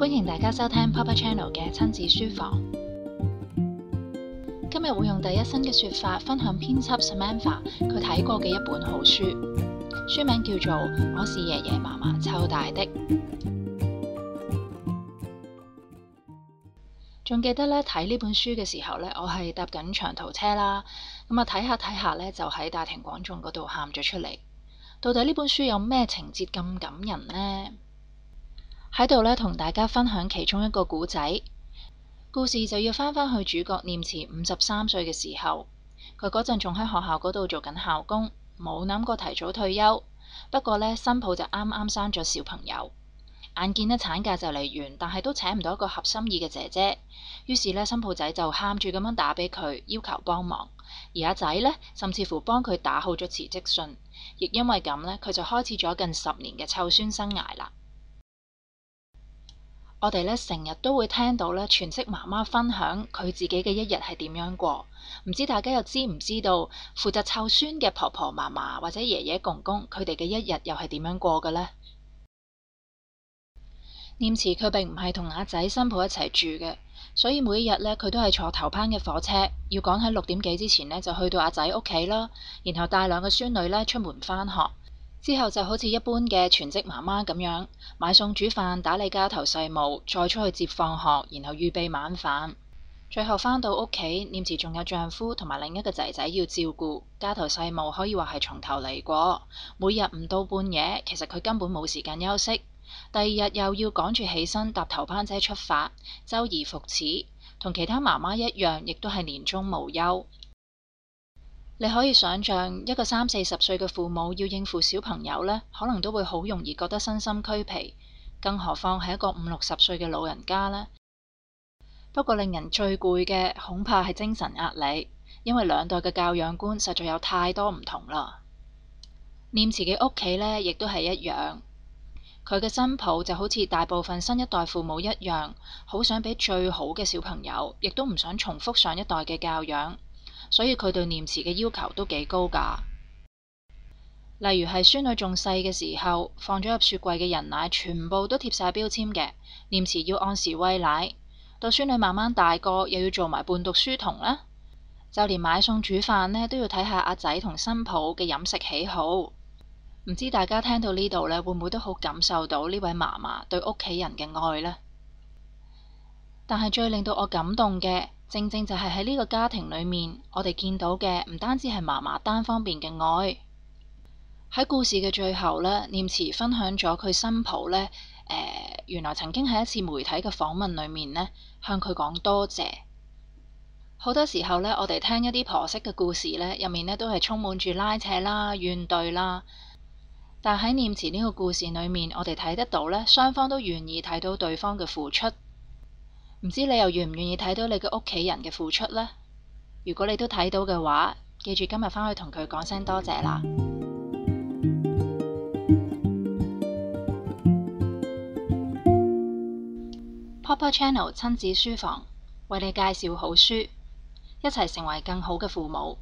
歡迎大家收聽 Papa Channel 嘅親子書房。今日會用第一身嘅說法分享編輯 Samantha 佢睇過嘅一本好書，書名叫做《我是爺爺嫲嫲湊大的》。仲記得呢，睇呢本書嘅時候呢，我係搭緊長途車啦，咁啊睇下睇下呢，就喺大庭廣眾嗰度喊咗出嚟。到底呢本書有咩情節咁感人呢？」喺度呢，同大家分享其中一個故仔。故事就要翻翻去主角念慈五十三歲嘅時候，佢嗰陣仲喺學校嗰度做緊校工，冇諗過提早退休。不過呢，新抱就啱啱生咗小朋友，眼見呢產假就嚟完，但係都請唔到一個合心意嘅姐姐。於是呢，新抱仔就喊住咁樣打俾佢，要求幫忙。而阿仔呢，甚至乎幫佢打好咗辭職信，亦因為咁呢，佢就開始咗近十年嘅湊孫生涯啦。我哋呢成日都會聽到呢，全職媽媽分享佢自己嘅一日係點樣過，唔知大家又知唔知道負責湊孫嘅婆婆嫲嫲或者爺爺公公佢哋嘅一日又係點樣過嘅呢？嗯、念慈佢並唔係同阿仔新抱一齊住嘅，所以每一日呢，佢都係坐頭班嘅火車，要趕喺六點幾之前呢，就去到阿仔屋企囉，然後帶兩個孫女呢，出門返學。之後就好似一般嘅全職媽媽咁樣，買餸煮飯、打理家頭細務，再出去接放學，然後預備晚飯，最後返到屋企，念慈仲有丈夫同埋另一個仔仔要照顧，家頭細務可以話係從頭嚟過，每日唔到半夜，其實佢根本冇時間休息，第二日又要趕住起身搭頭班車出發，周而復始，同其他媽媽一樣，亦都係年中無休。你可以想象一個三四十歲嘅父母要應付小朋友呢，可能都會好容易覺得身心俱疲，更何況係一個五六十歲嘅老人家呢。不過令人最攰嘅恐怕係精神壓力，因為兩代嘅教養觀實在有太多唔同啦。念慈嘅屋企呢，亦都係一樣，佢嘅新抱就好似大部分新一代父母一樣，好想俾最好嘅小朋友，亦都唔想重複上一代嘅教養。所以佢對念慈嘅要求都幾高㗎，例如係孫女仲細嘅時候，放咗入雪櫃嘅人奶全部都貼晒標籤嘅，念慈要按時餵奶。到孫女慢慢大個，又要做埋半讀書童啦，就連買餸煮飯呢，都要睇下阿仔同新抱嘅飲食喜好。唔知大家聽到呢度呢，會唔會都好感受到呢位嫲嫲對屋企人嘅愛呢？但係最令到我感動嘅。正正就係喺呢個家庭裏面，我哋見到嘅唔單止係嫲嫲單方面嘅愛。喺故事嘅最後呢，念慈分享咗佢新抱呢，誒、呃，原來曾經喺一次媒體嘅訪問裏面呢，向佢講多謝。好多時候呢，我哋聽一啲婆媳嘅故事呢，入面呢都係充滿住拉扯啦、怨懟啦。但喺念慈呢個故事裏面，我哋睇得到呢，雙方都願意睇到對方嘅付出。唔知你又願唔願意睇到你嘅屋企人嘅付出呢？如果你都睇到嘅話，記住今日翻去同佢講聲多謝啦。Papa Channel 親子書房為你介紹好書，一齊成為更好嘅父母。